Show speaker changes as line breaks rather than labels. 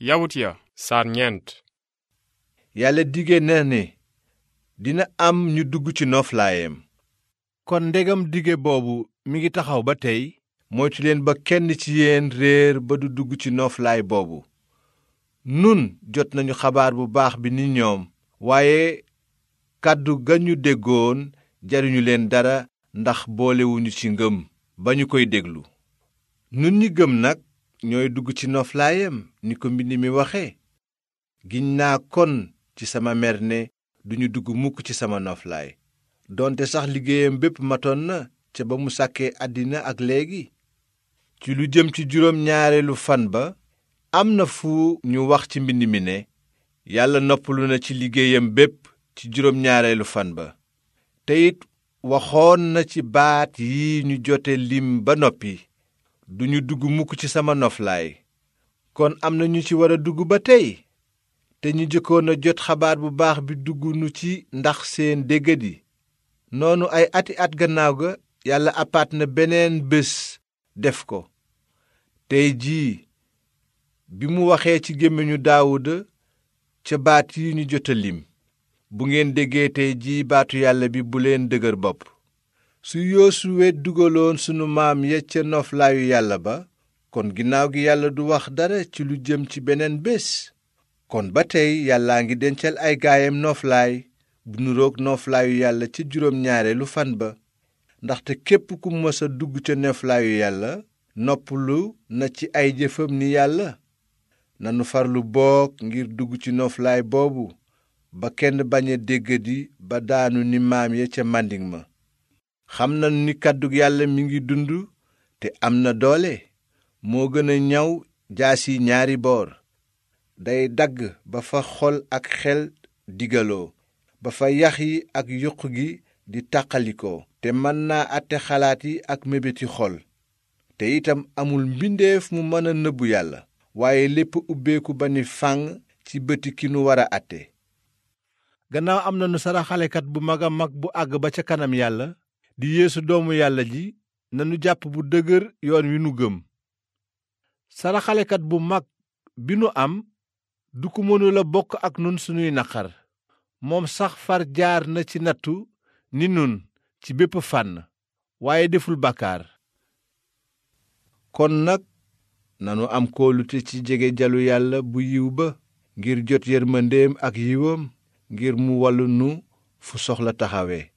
yawut ya yàlla dige na ne dina am ñu dugg ci nooflaayam kon ndegam dige boobu mi ngi taxaw ba tey moytu leen ba kenn ci yéen réer ba du dugg ci nooflaay boobu nun jot nañu xabaar bu baax bi ni ñoom waaye kàddu gañu déggoon jariñu leen dara ndax boolewuñu ci ngëm ba ñu koy déglu nun ñi gëm nag ñooy dugg ci noflaayam ni ko mbind mi waxe giñ naa kon ci sama mer ne duñu dugg mukk ci sama noflaay doonte sax liggéeyam bépp matoon na ca ba mu sàkkee àddina ak léegi ci lu jëm ci juróom ñaareelu fan ba am na fu ñu wax ci mbind mi ne yàlla noppalu na ci liggéeyam bépp ci juróom ñaareelu fan ba te it waxoon na ci baat yi ñu jote lim ba noppi duñu dugg mukk ci sama noflaay kon am na ñu ci war a dugg ba tey te ñu jëkkoon jot xabaar bu baax bi dugg nu ci ndax seen déggadi noonu ay ati at gannaaw ga yàlla apaat na beneen bés def ko tey jii bi mu waxee ci gémmiñu daawuda ca baat yi ñu jot lim bu ngeen déggee tey jii baatu yàlla bi bu leen dëgër bopp su yoosuwe dugaloon sunu maam ya ca noflaayu yàlla ba kon ginnaaw gi yàlla du wax dara ci lu jëm ci beneen bés kon ba tey yàlla ngi dencal ay gaayam nooflaay bu nuroog nooflaayu yàlla ci juróom ñaareelu fan ba ndaxte képp ku mësa dugg ca nooflaayu yàlla noppalu na ci ay jëfam ni yàlla nanu farlu boog ngir dugg ci nooflaay boobu ba kenn bañ a déggadi ba daanu ni maam ya ca màndiŋ ma xam nañu ni kàddug yàlla mi ngi dund te am na doole moo gën a ñaw jaasi ñaari boor day dagg ba fa xol ak xel digaloo ba fa yax yi ak yuq gi di tàqalikoo te mën naa àtte xalaat yi ak mébéti xol te itam amul mbindeef mu mën a nëbbu yàlla waaye lépp ubbeeku ba ni fànn ci bëti ki nu war a àtte gannaaw am na nanu saraxalekat bu mag a mag bu àgg ba ca kanam yàlla di yéesu doomu yàlla ji nanu jàpp bu dëgër yoon wi nu gëm saraxalekat bu mag bi nu am du ku mënula bokk ak nun sunuy naqar moom sax far jaar na ci nattu ni nun ci bépp fànn waaye deful bàkkaar kon nag nanu am kóolute ci jege jalu yàlla bu yiw ba ngir jot yërmandeem ak yiwam ngir mu wallu nu fu soxla taxawe